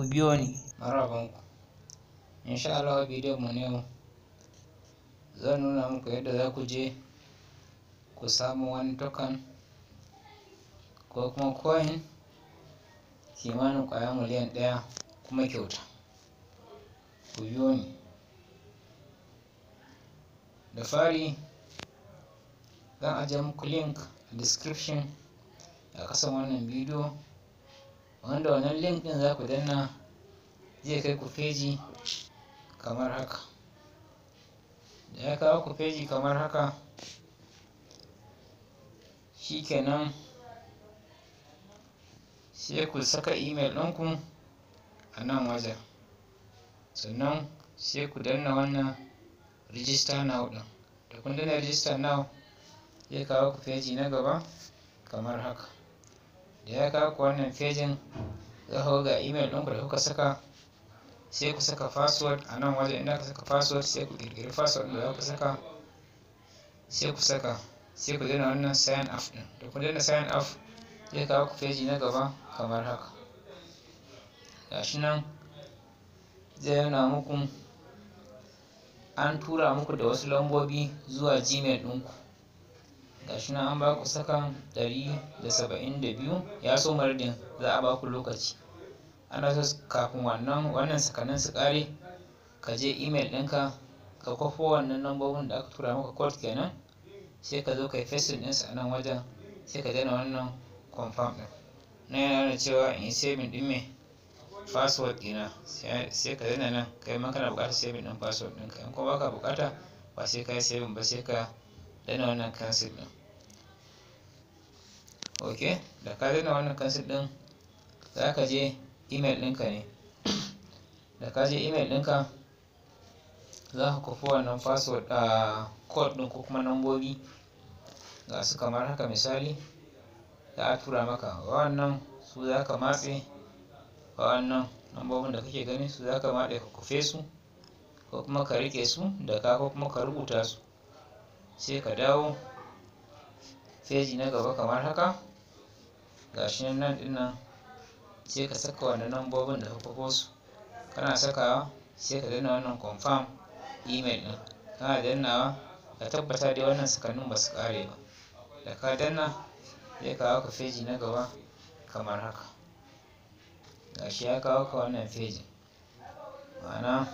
ku biyo ni marabanku insha Allah bidiyon mu ne yau zan nuna muku yadda za ku je ku samu wani token ko kuma coin kimanin kwaya miliyan ɗaya kuma kyauta ku biyo ni da fari zan ajiye muku link a description a kasan wannan bidiyo wanda wannan link din za ku danna zai kai ku feji kamar haka da ya kawo ku feji kamar haka shikenan sai ku saka email ɗinku a nan waje sannan sai ku danna wannan register now ɗin da kun danna register now zai kawo ku feji na gaba kamar haka da ya kawo ku wannan fejin za ku ga email ku da kuka saka sai ku saka password a nan wajen inda ka saka password sai ku ƙirƙiri password da za ku saka sai ku saka sai ku daina wannan sign up ɗin da ku daina sign up zai kawo ku feji na gaba kamar haka gashi nan zai nuna muku an tura muku da wasu lambobi zuwa gmail ɗinku gashi na an baku sakan 172 ya so mardin za a baku lokaci ana so kafin wannan wannan sakanin su kare ka je email ɗinka ka kwafo wannan lambobin da aka tura maka code kenan sai ka zo ka yi facing ɗinsu a nan wajen sai ka dana wannan confirm ɗin na yana nuna cewa in saving ɗin mai password ɗina sai ka dana nan kai ma kana buƙatar saving ɗin password ɗinka in kuma baka buƙata ba sai ka yi saving ba sai ka dana wannan cancel ɗin ok da ka rena wannan kansu din za ka je email ɗinka ne da ka je email ɗinka za ka kofi wannan password a ah, code ɗin ko kuma nambobi ga su kamar haka misali da a tura maka wannan su za ka matse wannan nambobin da kake gani su za ka matse ka kufe su ko kuma ka rike su da ka ko kuma ka rubuta su sai ka dawo feji na gaba kamar haka gashi nan nan din nan sai ka saka wannan nambobin da ka kwafo su kana sakawa sai ka danna wannan confirm email din kana dannawa ka tabbata dai wannan sakannin ba su kare ba da ka danna zai kawo ka feji na gaba kamar haka gashi ya kawo ka wannan feji ma'ana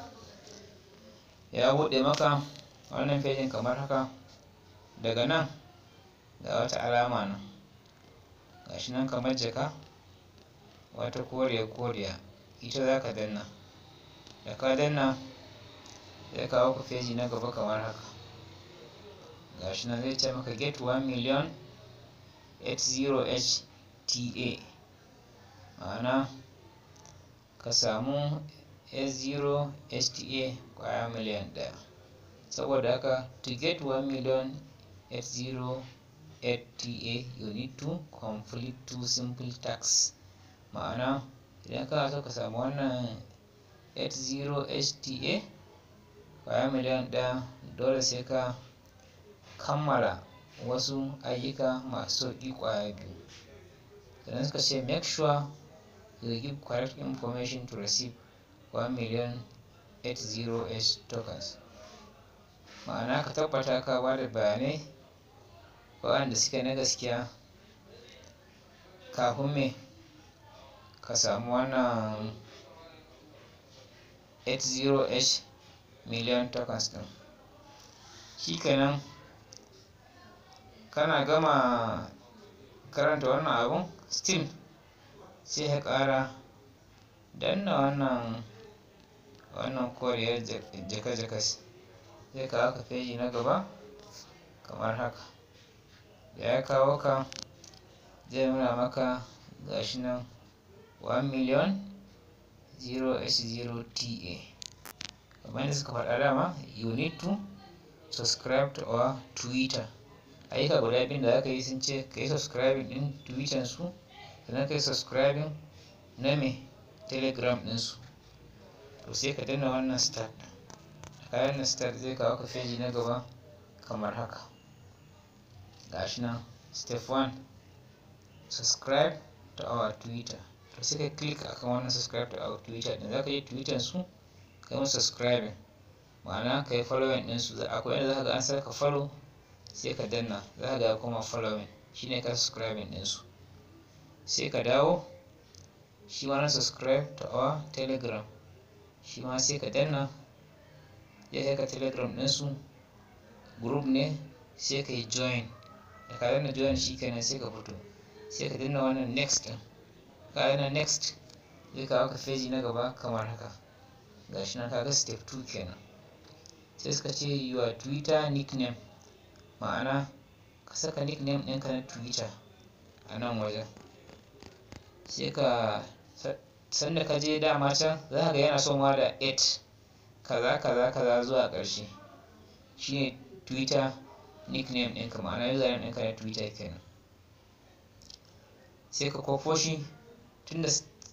ya buɗe maka wannan fejin kamar haka daga nan ga wata alama nan gashi nan kamar jaka wata koriya koriya ita za ka danna da ka danna zai kawo ku feji na gaba kamar haka gashi nan zai ce maka get 1 million 80 hta ma'ana ka samu s0 hta kwaya miliyan daya saboda haka to get 1 million 80 8ta you need to complete two simple tasks ma'ana idan ka so ka samu wannan 80hta kwaya miliyan ɗaya dole sai ka kammala wasu ayyuka masu sauƙi kwaya biyu idan suka ce make sure you give correct information to receive 1 million 80h tokens ma'ana ka tabbata ka ba da bayanai waɗanda suke na gaskiya kafin me ka samu wannan 80h miliyan tokens ɗin shikenan kana gama karanta wannan abun steam sai ka ƙara danna wannan wannan koriyar jaka-jaka sai ka haka feji na gaba kamar haka da ya kawo ka zai nuna maka gashi nan 1 million 0s0ta kamar yadda suka faɗa dama you need to subscribe to our twitter ayyuka guda bin da aka yi sun ce ka yi subscribing din twitter su sannan ka yi subscribing na mai telegram din su to sai ka danna wannan start a kayan start zai kawo ka feji na gaba kamar haka gashi nan step 1 subscribe to our twitter to sai ka click akan wannan subscribe to our twitter din zaka yi twitter su kai mu subscribe ma'ana kai following din su akwai yadda zaka ga an saka follow sai ka danna zaka ga kuma following shine ka subscribe din su sai ka dawo shi ma na subscribe to our telegram shi ma sai ka danna ya kai ka telegram din su group ne sai ka yi join da ka danna join shi kenan sai ka fito sai ka dinna wannan next din ka next zai kawo ka feji na gaba kamar haka gashi nan kaga step 2 kenan sai suka ce your twitter nickname ma'ana ka saka nickname ɗinka na twitter a nan wajen sai ka sanda ka je dama can za ka ga yana son da 8 kaza kaza kaza zuwa ƙarshe ne twitter nickname ɗinka ma'ana username ɗinka na twitter kenan sai ka kofo shi tunda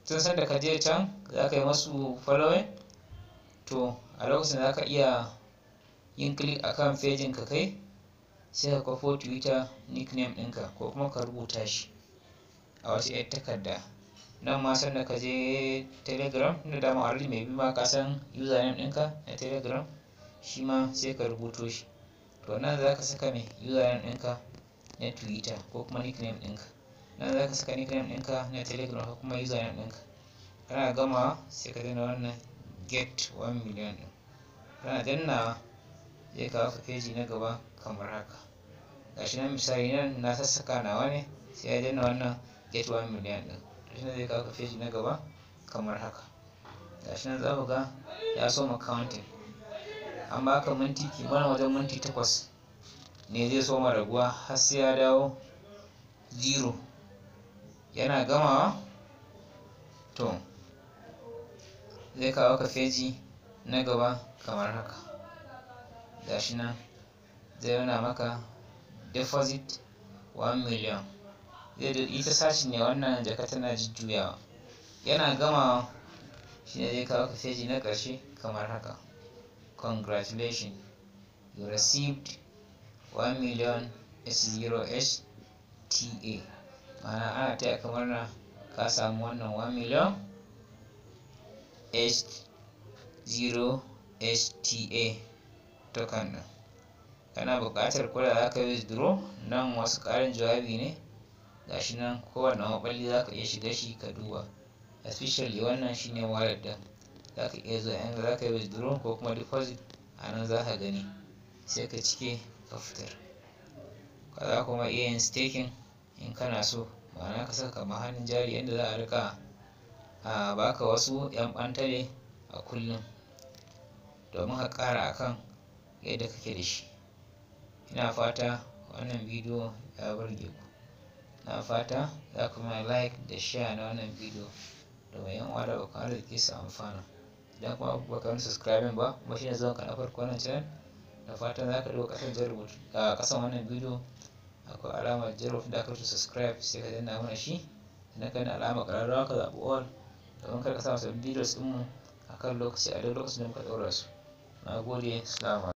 tun san da ka je can za ka yi masu following to a lokacin za ka iya yin click akan fejin ka kai sai ka kofo twitter nickname ɗinka ko kuma ka rubuta shi a wasu 'yar takarda nan ma san da ka je telegram da dama already mai bi ma ka san username ɗinka na telegram shi ma sai ka rubuto shi to nan za ka saka mai username ɗinka na twitter ko kuma nickname ɗinka nan za ka saka nickname ɗinka na telegram ko kuma username ɗinka kana gama sai ka zina wannan get 1 million ɗin kana danna zai kawo ka feji na gaba kamar haka gashi nan misali nan na sassaka nawa ne sai ya danna wannan get 1 million ɗin gashi nan zai kawo ka feji na gaba kamar haka gashi nan za ku ga ya soma counting an baka minti kimanin wajen minti takwas ne zai soma raguwa har sai ya dawo zero yana gamawa to zai kawo kafeji na gaba kamar haka gashi nan zai nuna maka deposit 1 million zai da ita sashi ne wannan jaka tana jujjuyawa yana gamawa shi ne zai kawo kafeji na ƙarshe kamar haka Congratulations, you received 1 million S0HTA. Ma'ana ana taya kamar na ka samu wannan 1 million H0HTA token nan Kana buƙatar ko da za ka withdraw nan wasu ƙarin jawabi ne gashi nan kowane maɓalli za ka iya shiga shi ka duba. Especially wannan shine wallet ɗin. za ka iya zuwa inda za ka yi withdrawal ko kuma deposit a nan za ka gani sai ka cike ka fitar ka za kuma iya yin staking in kana so ma'ana ka saka kamar hannun jari yadda za a rika a baka wasu 'yan bantare a kullum domin ka ƙara akan yadda kake da shi ina fata wannan bidiyo ya burge ku na fata za ku mai like da share na wannan bidiyo domin yan uwa da abokan arziki su amfana idan kuma ba ka subscribing ba kuma shine zuwan ka na farko wannan channel da fatan za ka duba kasan jar a kasan wannan bidiyo akwai alama jar da aka subscribe sai ka danna mana shi idan ka na alamar ƙararrawa ka zaɓi all domin kar ka sa sabbin bidiyo ɗinmu a kan lokaci a duk lokacin da muka ɗaura su na gode salama